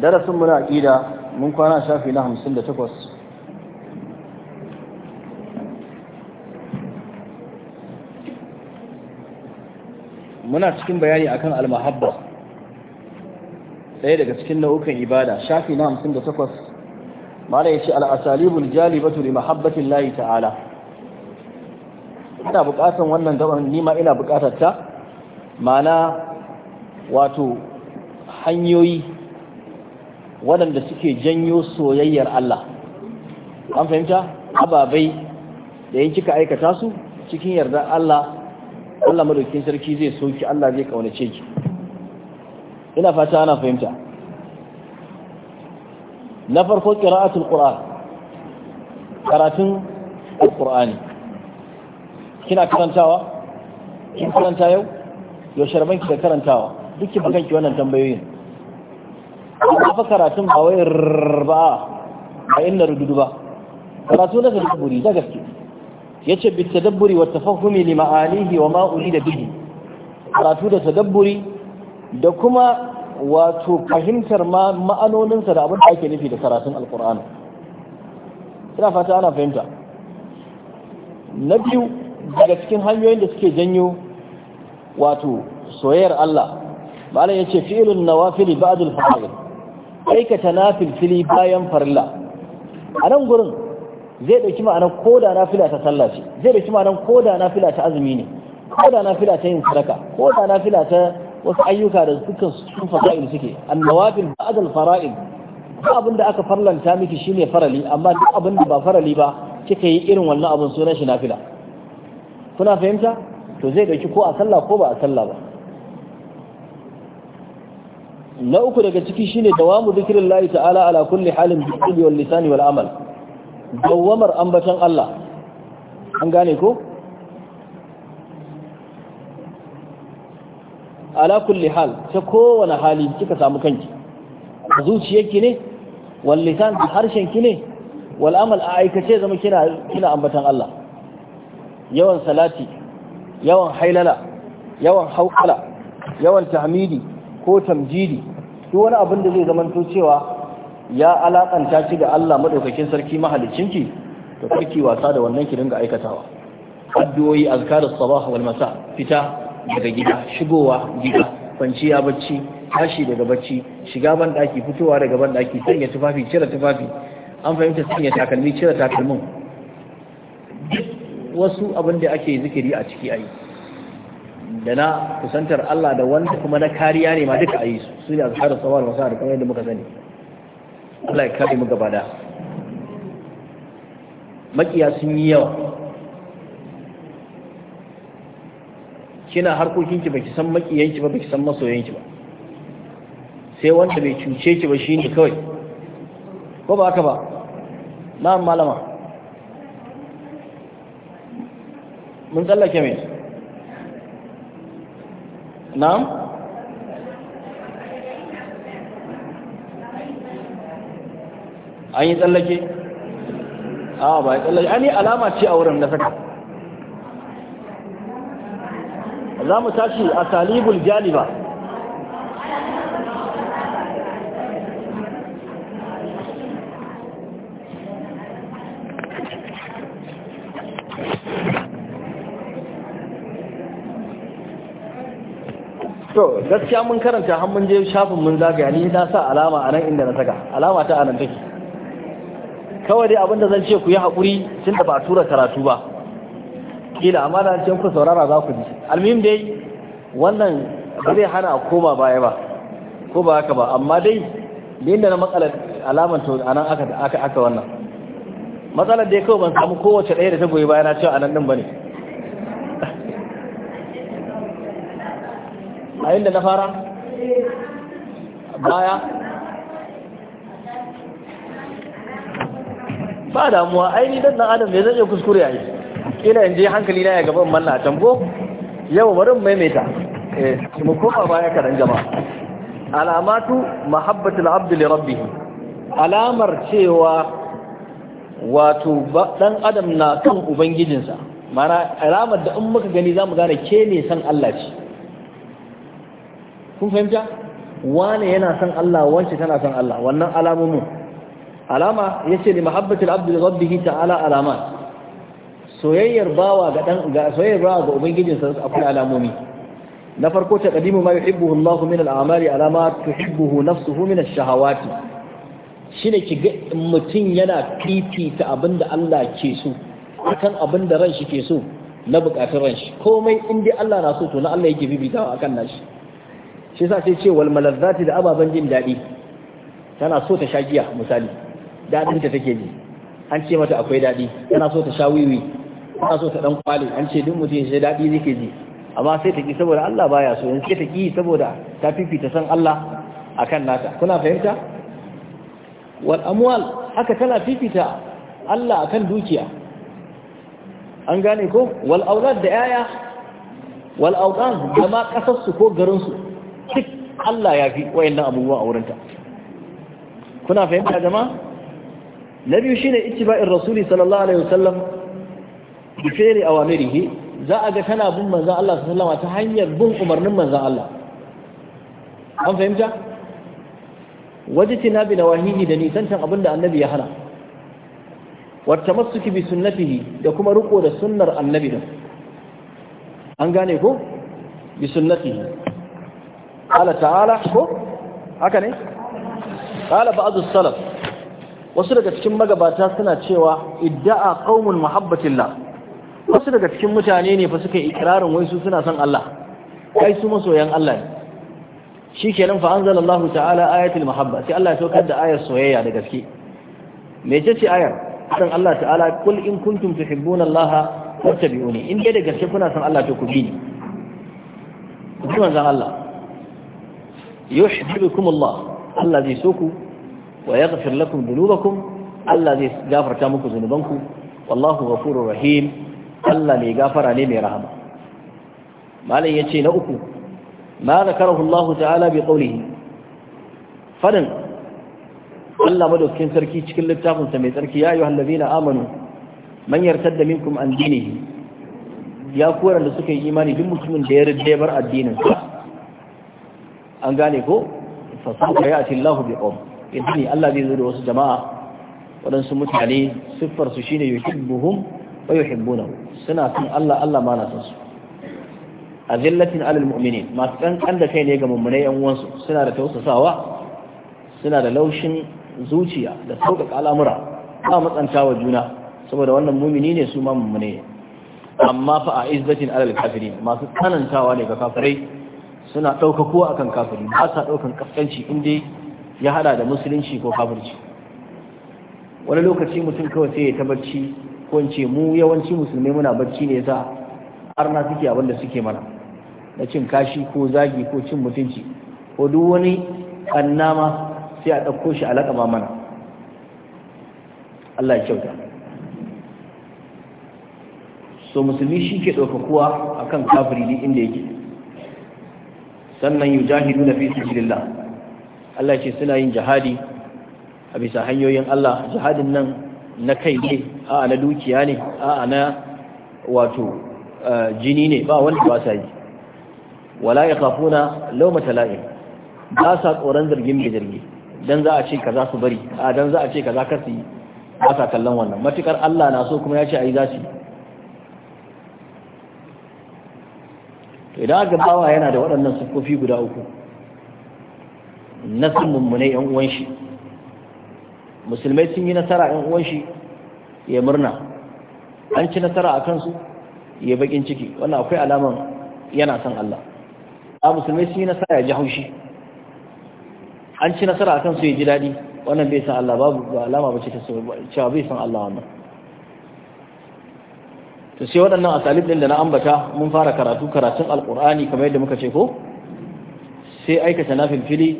darasin muna aƙida mun kwana shafi na 58 muna cikin bayani akan almahabba ɗaya daga cikin nau'ukan ibada shafi na 58 mala yace al-asalibul jalibatu da mahabbatin layi ta'ala ina bukatan wannan gaban nima ina buƙatar ta mana wato hanyoyi waɗanda suke janyo soyayyar Allah an fahimta ababai da yin kika aikata su cikin yardar Allah Allah madaukin sarki zai soki Allah zai kaunace ki ina fata ana fahimta na farko qira'atul qur'an karatun alqur'ani kina karantawa kin karanta yau yo sharban ki da karantawa duk ki bakan ki wannan tambayoyin fa karatun ba wai ba ba inna rududu ba karatu na tadabburi da gaske yace bi tadabburi wa tafahumi li ma'anihi wa ma da bihi karatu da tadabburi da kuma wato fahimtar ma ma'anoninsa da abin da ake nufi da karatun alqur'ani ina fata ana fahimta na biyu daga cikin hanyoyin da suke janyo wato soyayyar Allah malam yace fi'lun nawafil ba'd al-faraid aikata filfili bayan farilla a nan gurin zai ɗauki ma'anar da nafila ta sallah ce zai ɗauki ma'anar da nafila ta azumi ne ko da nafila ta yin sadaka da nafila ta wasu ayyuka da dukkan su fara'il suke annawafil ba'd farail ba abin da aka farlanta miki shine farali amma duk abin da ba farali ba kika yi irin wannan abin sunan shi nafila kuna fahimta to zai ɗauki ko a sallah ko ba a sallah ba na uku daga ciki shine dawamu zikrillahi ta'ala ala kulli halin bil wal lisan wal amal dawamar ambatan Allah an gane ko ala kulli hal ta kowane hali kika samu kanki zuciyarki ne wal lisan harshen ki ne wal amal a aikace zama kina kina ambatan Allah yawan salati yawan hailala yawan hawqala yawan tahmidi ko tamjidi duk wani abin da zai zamanto cewa ya alakanta shi da Allah madaukakin sarki mahalicinki to kike wasa da wannan ki dinga aikatawa addu'o'i azkarus sabah wal masa fita daga gida shigowa gida kwanciya bacci tashi daga bacci shiga ban daki fitowa daga ban daki sanya tufafi cire tufafi an fahimta sanya takalmi cire takalmin wasu abin da ake zikiri a ciki ayi da na kusantar Allah da wanda kuma na kariya ne ma duka a yi su su ne a zuhar sawar wasu da kamar yadda muka sani Allah ya kare mu gaba da makiya sun yi yawa kina harkokin ki baki san makiyanki ba baki san masoyanki ba sai wanda bai cuce ki ba shine kawai ko ba haka ba na'am malama mun tsallake mai na'am an tsallake ah, a ba ya tsallake an yi alama ce a wurin na saka za mu tashi a salibul jaliba to gaskiya mun karanta har mun je shafin mun zagaya ni na sa alama a nan inda na saka alama ta anan take kawai dai abinda zan ce ku yi haƙuri tun da ba a tura karatu ba kila amma da ce ku saurara za ku ji almihim dai wannan ba zai hana a koma baya ba ko ba haka ba amma dai da inda na matsalar alamar to anan aka aka wannan matsalar dai kawai ban samu kowace ɗaya da ta goyi baya na cewa anan din bane a yadda na fara baya ba damuwa aini nan adam ne zai kuskure kuskure yi ina in je hankali na ya gaba in manna ko yau bari maimaita eh mu koma baya karan jama'a alamatu mahabbatul abd li alamar cewa wato dan adam na kan ubangijinsa mana alamar da in muka gani zamu gane ke ne san Allah ce kun fahimta wane yana son Allah wance tana son Allah wannan alamomin alama yace li mahabbatil abdi li rabbih ta'ala alama. soyayyar bawa ga dan ga soyayyar bawa ga ubangijinsa akwai alamomi na farko ta qadimu ma yuhibbuhu Allahu min al'amali alama tuhibbuhu nafsuhu min ash-shahawat shine ki ga mutun yana fifita abinda Allah ke so akan abinda ran shi ke so na bukatun ran shi komai in dai Allah na so to na Allah yake fifitawa akan nashi shi yasa sai ce wal malazzati da ababan jin daɗi tana so ta sha giya misali daɗin ta take ji an ce mata akwai daɗi tana so ta sha wiwi tana so ta ɗan kwale an ce duk mutum sai daɗi zai ji amma sai ta ki saboda Allah baya so in sai ta ki saboda ta fifita san Allah akan nata kuna fahimta wal amwal haka tana fifita Allah akan dukiya an gane ko wal aulad da yaya wal awdan da ma kasarsu ko garinsu Allah ya fi wayannan abubuwa a wurinta kuna fahimta jama'a na biyu shine ittiba'ir rasuli sallallahu alaihi wasallam bi fi'li awamirihi za a ga tana bin manzon Allah sallallahu alaihi ta hanyar bin umarnin manzon Allah an fahimta wajitina bi nawahihi da nisantan abinda annabi ya hana والتمسك بسنته da kuma riko da sunnar annabi din an gane ko bi sunnatihi ala ta'ala ko haka ne qala ba'dhu salaf wasu daga cikin magabata suna cewa idda'a qaumul muhabbatillah wasu daga cikin mutane ne fa suka ikrarin wai su suna son Allah kai su masoyan Allah ne shikenan fa anzalallahu ta'ala ayatul muhabba sai Allah ya saukar da ayar soyayya da gaske me ce ce ayar dan Allah ta'ala kul in kuntum tuhibbuna Allah fattabi'uni in dai da gaske kuna son Allah to ku bi ni ku bi Allah yuhibbukum Allah Allah zai so ku wa yaghfir lakum dhunubakum Allah zai gafarta muku zunubanku wallahu ghafurur rahim Allah mai gafara ne mai rahama malam yace na uku ma zakarahu Allah ta'ala bi qawlihi fadan Allah madaukakin sarki cikin littafinsa mai Sarki ya ayyuhal ladina amanu man yartadda minkum an dinihi ya koran da suka yi imani duk mutumin da ya rida addinin sa an gane ko fasauka ya ce Allah bi qawm idan Allah zai zo da wasu jama'a waɗansu mutane siffar su shine yuhibbuhum wa yuhibbunahu suna son Allah Allah ma na son su azillatin alal mu'minin masu kankan da kai ne ga mummunai yan uwansu suna da tausasawa suna da laushin zuciya da sauƙaƙa al'amura ba matsanta juna saboda wannan mumini ne su ma mummune amma fa a izzatin alal kafirin masu tsanantawa ne ga kafirai suna ɗaukakuwa akan kafiri ba sa ɗaukan ƙasƙanci inda ya hada da musulunci ko kafirci wani lokaci mutum kawai sai ya ta barci ko ce mu yawanci musulmai muna barci ne yasa har na suke abin da suke mana na cin kashi ko zagi ko cin mutunci ko duk wani annama sai a ɗauko shi a ba mana Allah ya kyauta so musulmi shi ke ɗaukakuwa akan kafiri inda yake sannan na fi sabilillah Allah ce suna yin jihadi a bisa hanyoyin Allah jihadin nan na kai ne a na dukiya ne a na wato jini ne ba wani ba sa yi wala yakhafuna laumata la'im ba sa tsoron zargin da zargi dan za a ce za su bari a dan za a ce za ka su yi ba sa kallon wannan matukar Allah na so kuma ya ce yi za su yi idan aka bawa yana da waɗannan siffofi guda uku na sun mummune yan uwan shi musulmai sun yi nasara yan uwan shi ya murna an ci nasara a kansu ya bakin ciki wannan akwai alaman yana son Allah a musulmai sun yi nasara ya ji haushi an ci nasara a kansu ya ji daɗi wannan bai san Allah babu alama ba ce ta cewa bai san Allah wannan to sai waɗannan asalib ɗin da na ambata mun fara karatu karatun alƙur'ani kamar yadda muka ce ko sai aikata na filfili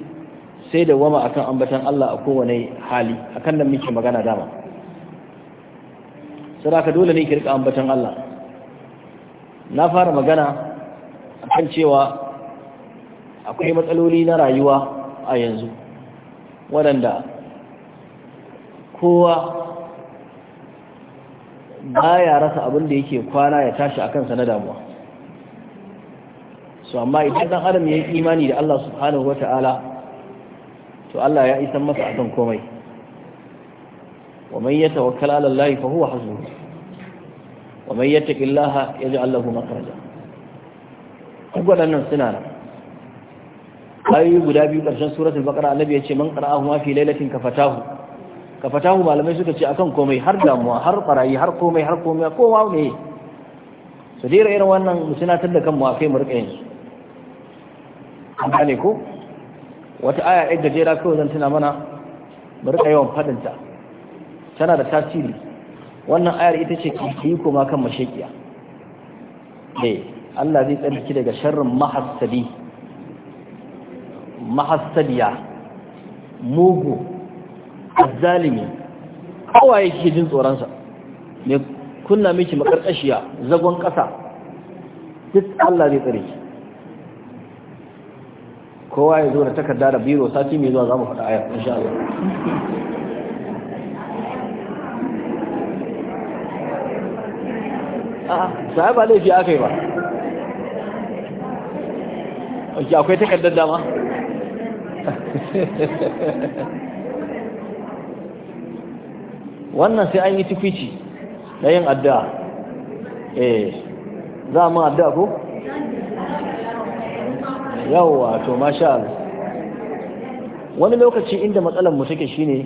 sai da wama akan ambatan Allah a kowane hali akan nan muke magana dama sadaka dole ne ki rika ambatan Allah na fara magana kan cewa akwai matsaloli na rayuwa a yanzu waɗanda kowa baya rasa abin da yake kwana ya tashi akan sa na damuwa so amma idan dan adam ya yi imani da Allah subhanahu wataala to Allah ya isan masa akan komai wa man yatawakkal ala Allah fa huwa hasbuh wa man yattaqillaha yaj'al lahu makhraja wadannan suna nan ayoyi guda biyu karshen suratul baqara annabi ya ce man qara'ahu ma fi lailatin kafatahu ka fatahu malamai suka ce akan komai har damuwa har barayi har komai har komai kowa ne su dira irin wannan musina tunatar da kanmu akai mu rika yin su an gane ko wata aya ɗaya gajera kawai zan tuna mana mu rika yawan fadinta tana da tasiri wannan ayar ita ce ki yi koma kan mashaƙiya eh Allah zai tsarki daga sharrin mahassadi mahassadiya mugu azzalimi kowaye yake jin sa. ne kunna miki makarkashiya zagon ƙasa duk Allah zai tsare ki kowa ya zo da takarda da biro sati mai zuwa za mu faɗa aya insha Allah a'a sai ba laifi aka yi ba akwai takardar dama wannan sai an yi tukwici na yin addu'a eh za mu addu'a ko yawwa to masha wani lokaci inda matsalar mu take shine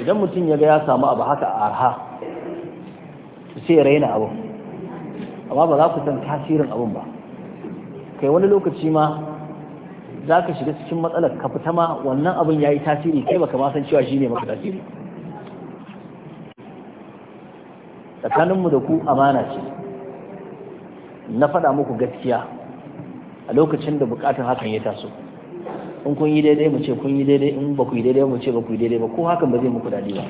idan mutum ya ga ya samu abu haka a arha sai ya raina abu amma ba za ku san tasirin abun ba kai wani lokaci ma za ka shiga cikin matsalar ka fita ma wannan abin ya yi tasiri kai ba ma san cewa shi ne maka tasiri tsakaninmu da ku amana ce na faɗa muku gaskiya a lokacin da buƙatar hakan ya taso in kun yi daidai mu ce kun yi daidai in ba ku yi daidai mu ce ba ku yi daidai ba ko hakan ba zai muku daɗi ba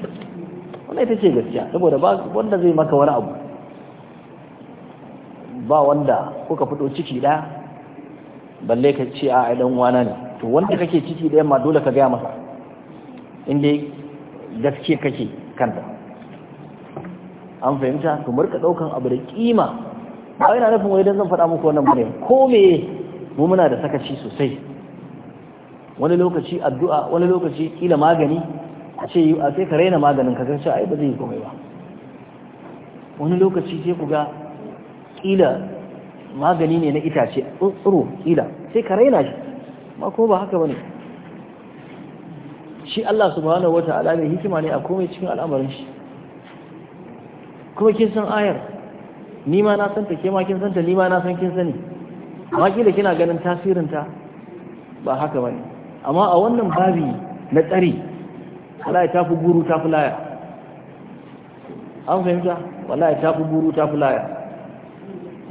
wannan ita ce gaskiya saboda ba wanda zai maka wani abu ba wanda kuka fito ciki ɗaya balle ka ce a ɗan wana ne to wanda kake ciki ɗaya ma dole ka gaya masa in dai kake kanta an fahimta to murka daukan abu da kima ba ina nufin wai dan zan faɗa muku wannan bane ko me mu muna da sakaci sosai wani lokaci addu'a wani lokaci kila magani a ce a sai ka raina maganin ka san ai ba zai yi komai ba wani lokaci sai ku ga kila magani ne na itace tsuro kila sai ka raina shi ma ko ba haka bane shi Allah subhanahu wataala ne hikima ne a komai cikin al'amarin shi kuma kin san ayar ni ma na santa ke ma kin santa ni ma na san kin sani amma kila kina ganin tasirin ta ba haka bane amma a wannan babi na tsari wallahi tafi guru tafi laya an fahimta wallahi tafi guru tafi laya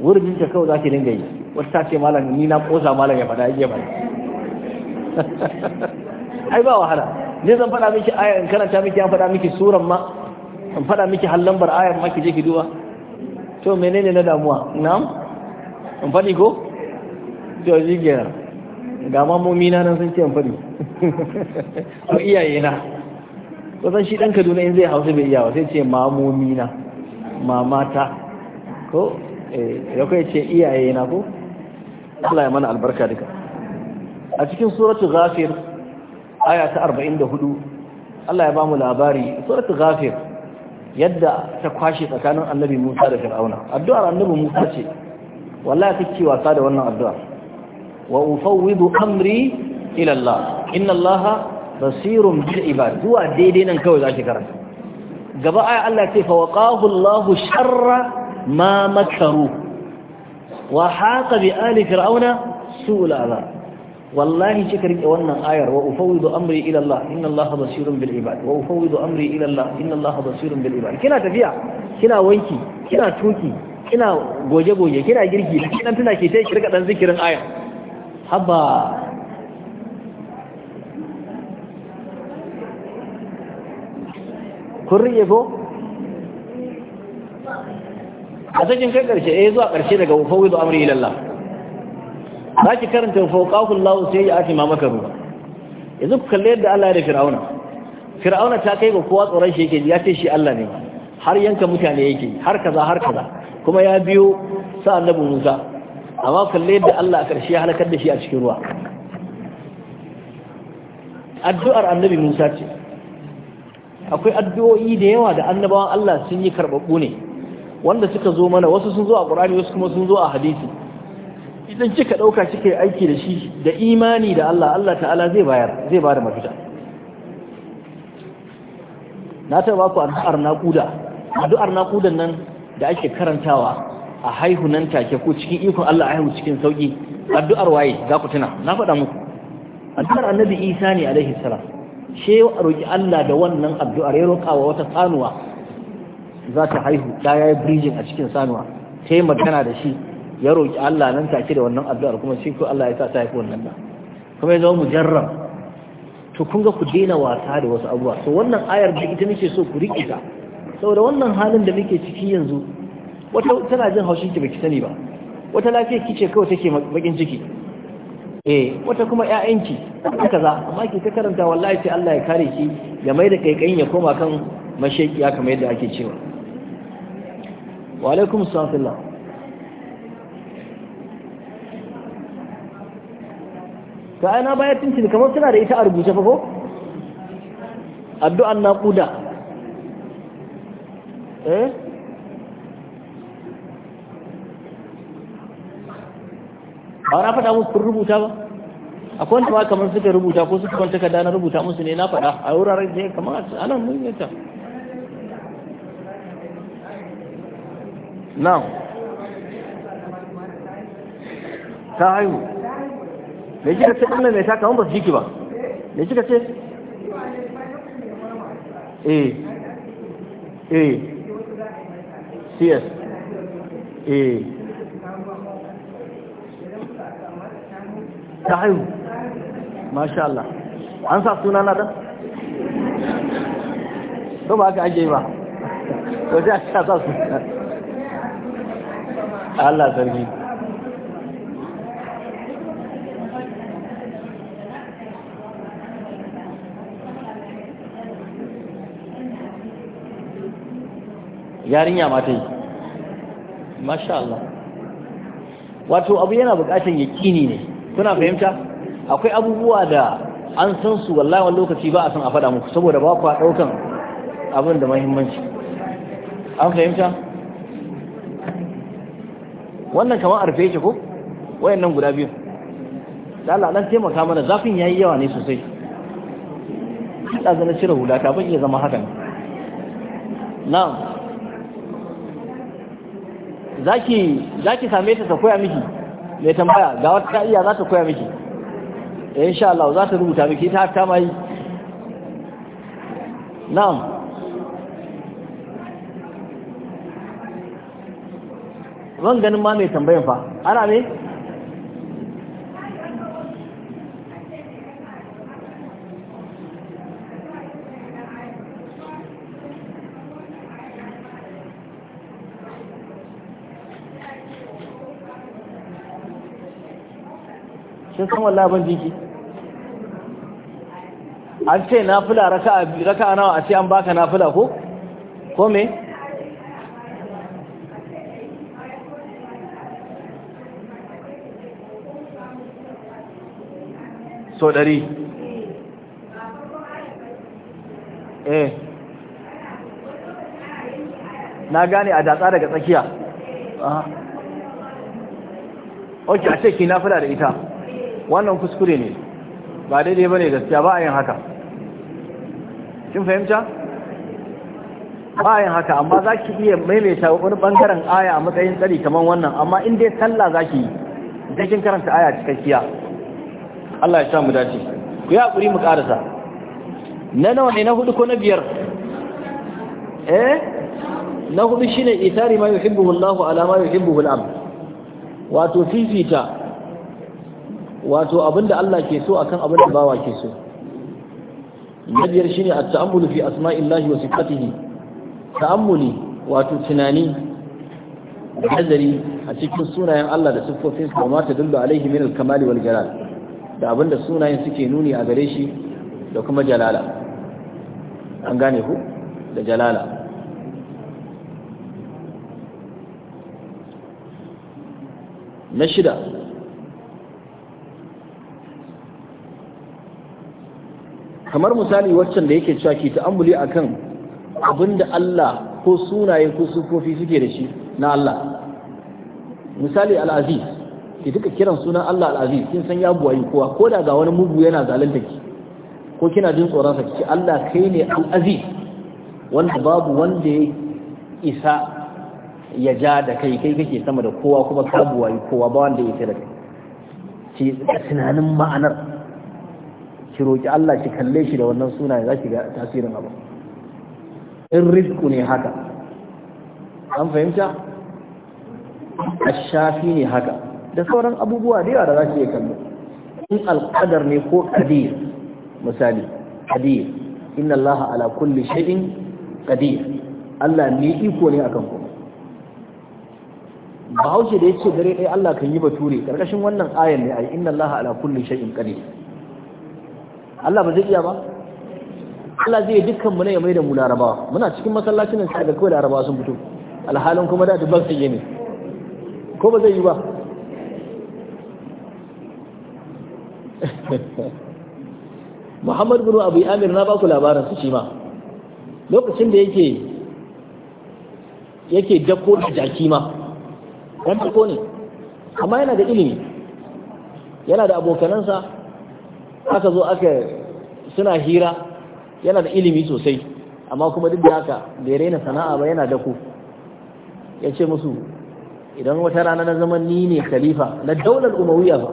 wurin ta kawai zaki dinga yi wata ta ce malam ni na kosa malam ya faɗa ya ba ai ba wahala ne zan faɗa miki aya in karanta miki an faɗa miki suran ma an faɗa miki lambar ayar ma je ki duba to menene na damuwa na'am an fadi ko to shi na. ga mamomi na nan sun ce an fadi ko iyaye na san shi ɗan kaduna in zai hausa bai iya ba sai ce mamomi mamata ko eh, ya kai ce iyaye na ko Allah ya mana albarka duka a cikin suratul ghafir aya ta 44 Allah ya bamu labari suratul ghafir yadda ta kwashe tsakanin annabi Musa da Fir'auna addu'ar annabi Musa ce wallahi take wasa da wannan addu'a wa ufawwidu amri ila Allah inna Allah basirun bil ibad zuwa daidai nan kawai zaki karanta gaba aya Allah ce fa waqahu Allahu sharra ma makaru wa haqa bi ali fir'auna su'ul azab wallahi kika rike wannan ayar wa ufawwidu amri ila Allah inna Allah basirun bil ibad wa ufawwidu amri ila Allah inna Allah basirun bil ibad kina tafiya kina wanki kina tuki kina goge goge kina girki dan tana ke sai kirka dan zikirin ayar Habba kun rike ko a cikin kai karshe eh zuwa karshe daga ufawwidu amri ila Allah za ki karanta fauqahu Allah sai ya ake mamaka ruwa yanzu ku kalle yadda Allah ya da Fir'auna Fir'auna ta kai ga kowa tsoron shi yake ya ce shi Allah ne har yanka mutane yake har kaza har kaza kuma ya biyo sa Annabi Musa amma kalle yadda Allah a ƙarshe ya halakar da shi a cikin ruwa addu'ar Annabi Musa ce akwai addu'o'i da yawa da annabawan Allah sun yi karɓaɓɓu ne wanda suka zo mana wasu sun zo a ƙur'ani wasu kuma sun zo a hadisi idan kika ɗauka kika yi aiki da shi da imani da Allah Allah ta'ala zai bayar zai bada mafita na taɓa ba ku addu'ar naƙuda addu'ar naƙudan nan da ake karantawa a haihu nan take ko cikin ikon Allah a haihu cikin sauki addu'ar waye za ku tuna na faɗa muku addu'ar annabi isa ne alaihi salam she roƙi Allah da wannan addu'ar ya roƙa wa wata sanuwa za ta haihu ɗaya ya bridging a cikin sanuwa taimakana magana da shi ya roƙi Allah nan take da wannan addu'ar kuma shi ko Allah ya sa ta haifi wannan da kuma ya zama mujarrab to kun ga ku daina wasa da wasu abubuwa to wannan ayar da ita nake so ku riƙe ta saboda wannan halin da muke ciki yanzu wata tana jin haushin ki baki sani ba wata lafiya ki ce kawai take bakin ciki eh wata kuma ƴaƴanki kaza amma ki ta karanta wallahi sai Allah ya kare ki ya mai da kai ya koma kan mashaƙiya kamar yadda ake cewa wa alaikum salam to ai na bayar da kamar suna da ita a rubuce fa ko addu'an naquda eh ba na faɗa musu rubuta ba akwai wanda ba kamar suka rubuta ko suka kwanta kada na rubuta musu ne na faɗa a wuraren da ya kamata anan mun yi ta now ta haihu me kika ce Allah mai taka wanda su jiki ba me kika ce eh eh cs eh ta haihu masha Allah an sa suna na dan to ba ka ajiye ba ko sai a sa suna Allah sarki yarinya ma ta yi masha Allah wato abu yana bukatan yakini ne kuna fahimta akwai abubuwa da an san su wallahi wani lokaci ba a san a faɗa muku saboda ba ku ɗaukan abin da mahimmanci an fahimta wannan kamar arfe yake ko wayannan guda biyu da Allah dan taimaka mana zafin yayi yawa ne sosai hada zana cire hulata ban iya zama hakan na'am zaki zaki same ta ta koya miki mai tambaya ga wata ta iya za ta koya miki eh insha Allah za ta rubuta miki ta ta mai na'am zan ganin ma mai tambayan fa ana ne kin san wallahi ban jiki? an ce nafila raka a nawa a ce an baka nafila ko ko me so dari eh na gane a datsa daga tsakiya ok a ce ki nafila da ita wannan kuskure ne ba daidai ba ne gaskiya ba a yin haka kin fahimta ba a yin haka amma za ki iya maimaita wani bangaren aya a matsayin tsari kamar wannan amma in dai sallah za ki yi karanta aya cikakkiya Allah ya samu mu dace ku yi haƙuri mu ƙarasa na nawa ne na hudu ko na biyar eh na hudu shine itari ma yuhibbuhu Allahu ala ma yuhibbuhu al am. wato fifita wato abinda Allah ke so akan abin da bawa ke so na biyar shine at-ta'ammulu fi asma'illahi wa sifatihi ta'ammuli wato tunani nazari a cikin sunayen Allah da siffofin sa ma tadullu alaihi min al-kamal wal jalal da abinda sunayen suke nuni a gare shi da kuma jalala an gane ku da jalala na shida kamar misali waccan da yake cewa ki ta'ammuli akan abinda Allah ko sunaye ko sufofi suke da shi na Allah misali al-aziz ki duka kiran sunan Allah al-aziz kin san ya buwayi kowa ko da ga wani mugu yana zalunta ki ko kina jin tsoron sa ki Allah kai ne al-aziz wanda babu wanda ya isa ya ja da kai kai kake sama da kowa kuma ka buwayi kowa ba wanda ya tsira ki tunanin ma'anar ki roki Allah ki kalle shi da wannan sunaye za ki ga tasirin abu in rizku ne haka an fahimta shafi ne haka da sauran abubuwa da yawa da za ki iya kallo in alƙadar ne ko qadir misali qadir inna Allah ala kulli shay'in qadir Allah ne iko ne akan ku bahaushe da ya ce dare ɗaya Allah kan yi bature ƙarƙashin wannan ayan ne a yi inna Allah ala kulli shay'in qadir Allah ba zai iya ba Allah zai dukkan mu ne ya maida mu larabawa muna cikin masallacin nan sai ga da larabawa sun fito alhalin kuma da dubban sai ne ko ba zai yi ba Muhammad bin Abu Amir na ba ku labarin su shi ma lokacin da yake yake dako da jaki ma wanda ko ne amma yana da ilimi yana da abokanansa aka zo aka suna hira yana da ilimi sosai amma kuma duk da haka ya raina sana'a ba yana dako ya ce musu idan wata rana na zama ni ne khalifa na daular umawiya ba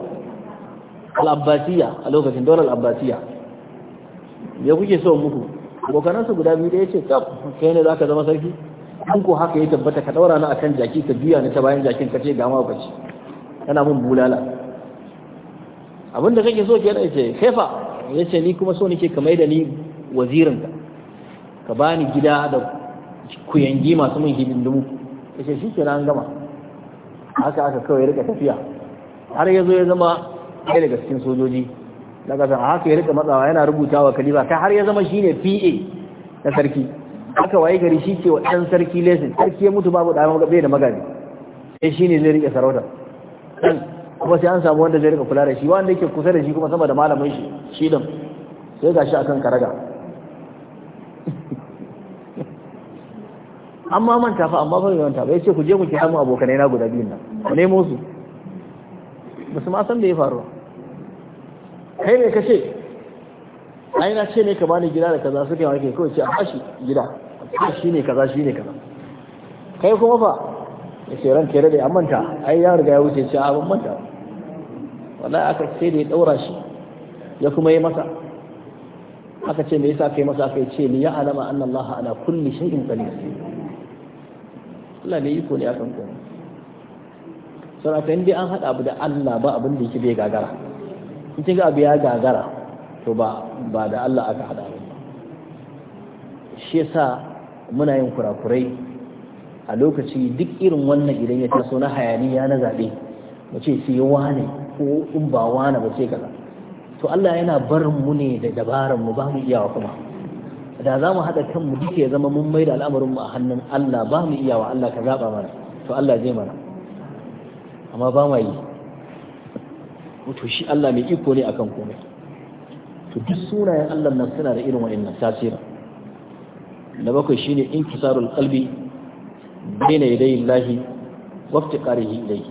al'abbasiya a lokacin daular abbasiya ya kuke so muku abokanansa guda biyu da ya ce kai ne za ka zama sarki In ko haka ya tabbata ka daura na akan jaki ka juya ni ta bayan jakin ka ce ba ce kana mun bulala abinda kake so ke yace kaifa ce ni kuma so nake ka mai da ni wazirin ka ka bani gida da kuyangi masu mun hidindimu ce shikenan an gama haka aka kawai rika tafiya har yazo ya zama ɗaya daga cikin sojoji na ƙasa haka ya rika matsawa yana rubuta wa kalifa kai har ya zama shi ne PA na sarki aka waye gari shi ke wa ɗan sarki lesin sarki ya mutu babu ɗan bai da magani sai shi ne zai riƙe sarauta kuma sai an samu wanda zai rika kula da shi wanda yake kusa da shi kuma sama da malamin shi shi din sai ga shi akan karaga amma manta fa amma bai yawan ba yace ku je ku ki mu abokanai na guda biyun nan ku nemo su ba su ma san da ya faru kai ne kace ai na ce ne ka bani gida da kaza suka yi wake kawai ce a bashi gida a shi ne kaza shi ne kaza kai kuma fa ya ce ran kere da ya manta ai ya riga ya wuce ce a ban manta wala aka sai da ya daura shi ya kuma yi masa aka ce me yasa kai masa aka ce ni ya alama annallaha ala kulli shay'in qadir Allah ne yiko ne akan komai sai aka dai an hada abu da Allah ba abin da yake bai gagara in kin ga abu ya gagara to ba ba da Allah aka hada ba shi yasa muna yin kurakurai a lokaci duk irin wannan idan ya taso na hayaniya na zabe mu ce sai wane. ko in ba wani ba sai kaza to Allah yana barin mu ne da dabaran mu ba mu iyawa kuma da za mu haɗa kanmu duk ya zama mun mai da al'amarin mu a hannun Allah ba mu iyawa Allah ka zaɓa mana to Allah zai mana amma ba ma yi to shi Allah mai iko ne akan komai to duk sunayen Allah nan suna da irin wa'annan tasira na bakwai shine inkisarul qalbi bayna yadayi Allah wa iftiqarihi ilayhi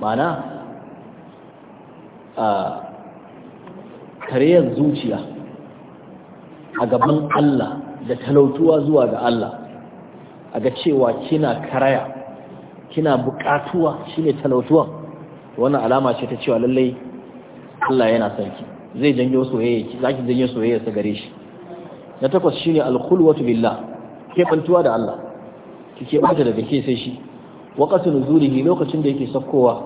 ma'ana a kariyar zuciya a gaban Allah da talautuwa zuwa ga Allah a ga cewa kina karaya kina bukatuwa shine talautuwan wannan alama ce ta cewa lallai Allah yana sarki zai janyo soyayya zaki janyo soyayya sa gare shi na takwas shine alkhulwatu billah kebantuwa da Allah kike bata da ke sai shi waqtu nuzulihi lokacin da yake sakkowa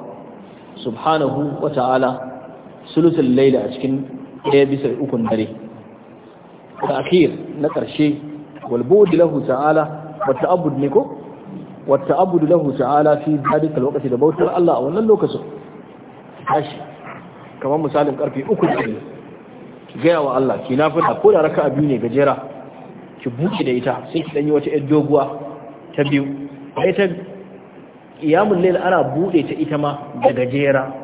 subhanahu wa ta'ala sulusul laila a cikin ɗaya bisa ukun dare akhir na ƙarshe wal bu'd lahu ta'ala wa ta'abbud ne ko wa ta'abbud lahu ta'ala fi dalika lokaci da bautar Allah a wannan lokacin tashi kamar misalin karfe uku ne gaya wa Allah ki na fita ko da a biyu ne gajera ki buce da ita sai ki danyi wata yar doguwa ta biyu ita qiyamul lail ana bude ta ita ma da gajera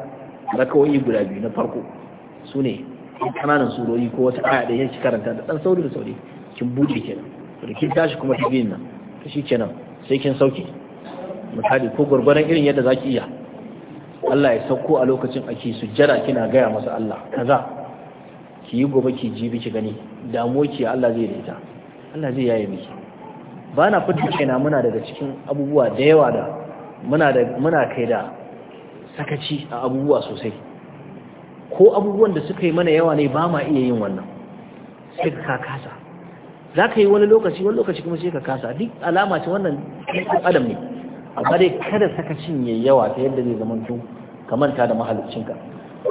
rakawoyi guda biyu na farko su ne kananan surori ko wata aya da yanki karanta da dan sauri da sauri kin buɗe kenan da kin tashi kuma ta biyun nan to shi kenan sai kin sauke misali ko gwargwaron irin yadda ki iya Allah ya sauko a lokacin ake sujjada kina gaya masa Allah kaza ki yi gobe ki jibi ki gani damuwa ki Allah zai daita Allah zai yaye miki ba na fita kaina muna daga cikin abubuwa da yawa da da muna kai da sakaci a abubuwa sosai ko abubuwan da suka yi mana yawa ne ba ma iya yin wannan sai ka kasa za ka yi wani lokaci wani lokaci kuma sai ka kasa duk alama ce wannan ɗan adam ne amma dai kada sakacin ya yawa ta yadda zai zamanto ka manta da mahaliccinka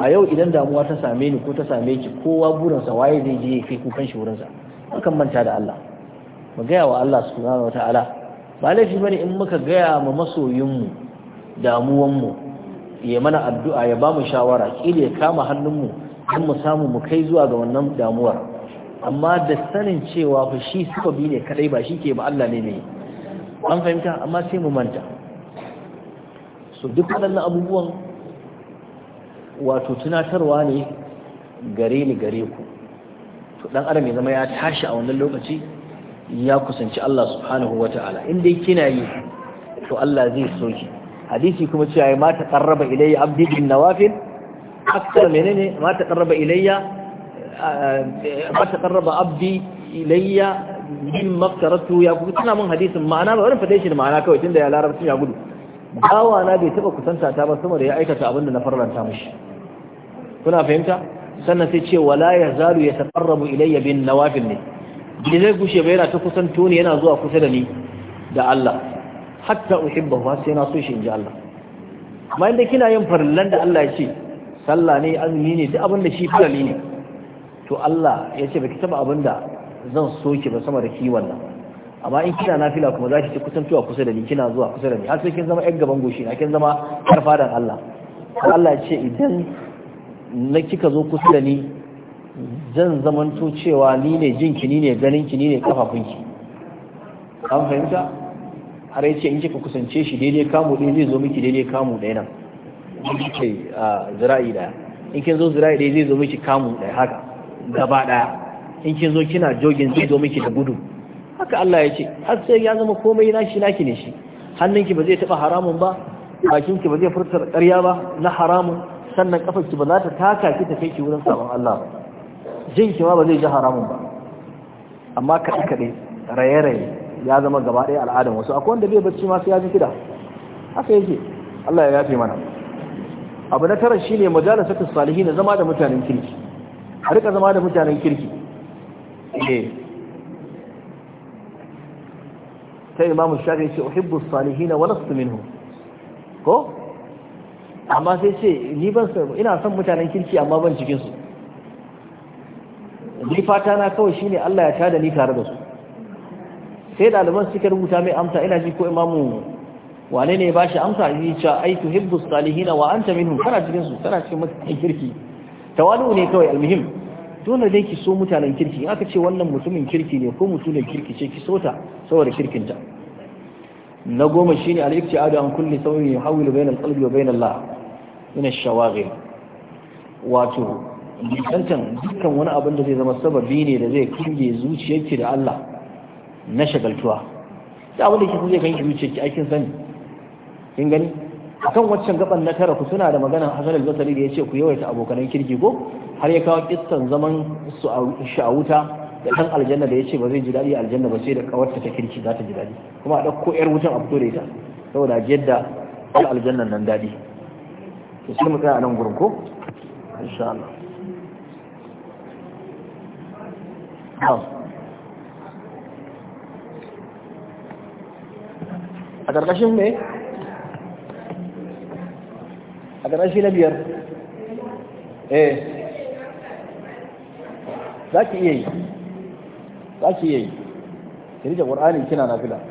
a yau idan damuwa ta same ni ko ta same ki kowa burinsa waye zai je ya kai kukan shi wurinsa akan manta da Allah mu gaya wa Allah subhanahu wataala ba laifi bane in muka gaya ma masoyinmu damuwanmu ya mana addu'a ya ba mu shawara kila ya kama mu don mu samu mu kai zuwa ga wannan damuwar amma da sanin cewa fa shi suka bi ne kadai ba shi ke ba Allah ne ne an fahimta amma sai mu manta so duk waɗannan abubuwan wato tunatarwa ne gare ni gare ku to dan adam ya zama ya tashi a wannan lokaci ya kusanci Allah subhanahu wata'ala in dai na yi to Allah zai soke hadisi kuma cewa ma ta qarraba ilayya abdi bin nawafil akthar menene mata karraba ilayya eh, mata karraba abdi ilayya min maftaratu ya gudu tana mun hadisin ma'ana ba wani fade shi da ma'ana kawai tunda ya larabcin ya gudu bawa na bai taba kusanta ta ba saboda ya aikata abin da na farlanta mishi kuna fahimta sannan sai ce wala ya zalu ya taqarrabu ilayya bin nawafil ne bi zai gushe ba yana ta kusanto ne yana zuwa kusa da ni da Allah hatta uhibbahu har sai na so shi inji Allah amma inda kina yin farillan da Allah ya ce sallah ne azumi ne duk abin da shi farali ne to Allah ya ce baki taba abin da zan so ki ba sama da ki wannan amma in kina nafila kuma ki ci kusan tuwa kusa da ni kina zuwa kusa da ni har sai kin zama yan gaban goshi na kin zama har fadan Allah Allah ya ce idan na kika zo kusa da ni zan zamanto cewa ni ne jinki ni ne ganinki ni ne kafafunki an fahimta har yace in kika kusance shi daidai kamu ɗaya zai zo miki daidai kamu ɗaya nan a zira'i ɗaya in kin zo zira'i ɗaya zai zo miki kamu ɗaya haka gaba ɗaya in kin zo kina jogin zai zo miki da gudu haka Allah ya ce har sai ya zama komai nashi naki ne shi hannunki ba zai taɓa haramun ba bakinki ba zai furta ƙarya ba na haramun sannan ki ba za ta taka ki ta kai ki wurin sabon Allah ba jinki ma ba zai ji haramun ba amma kaɗe-kaɗe raye-raye ya zama gaba ɗaya al'adan wasu akwai wanda bai bacci masu yajin kida haka yake Allah ya yafe mana abu na tara shine salihi na zama da mutanen kirki a rika zama da mutanen kirki ne eh. ta imamu shafi ce uhibbu na wani su minhu ko amma sai ce ni ban ina son mutanen kirki amma ban cikinsu ni fata na kawai shine Allah ya tada ni tare da su sai ɗaliban suka rubuta mai amsa ina ji ko imamu wane ne ba shi amsa yi cewa ai tuhibbu salihina wa anta minhum kana cikin su kana cikin mutanen kirki tawadu ne kawai almuhim dole dai ki so mutanen kirki in aka ce wannan mutumin kirki ne ko mutumin kirki ce ki sota saboda kirkinta na goma shine al-ibtiadu an kulli sawin yuhawilu bainal qalbi wa bainal lah min ash-shawaghil wato tantan dukkan wani abin da zai zama sababi ne da zai kunge zuciyarki da Allah na shagaltuwa sai abin da ke kuma kan zuciya ki aikin sani kin gani akan waccan gaban na tara ku suna da maganar Hassan al-Basri da yace ku yawaita abokanan kirki ko har ya kawo kissan zaman su a wuta da ɗan aljanna da ya ce ba zai ji daɗi aljanna ba sai da kawarta ta kirki za ta ji daɗi kuma a ɗauko 'yar wutan a fito da ita saboda a yadda ta aljanna nan daɗi to sai mu tsaya a nan gurin ko insha a ƙarƙashin me a ƙarƙashin na biyar eh za ki iya yi za ki iya yi ki rike kina na fila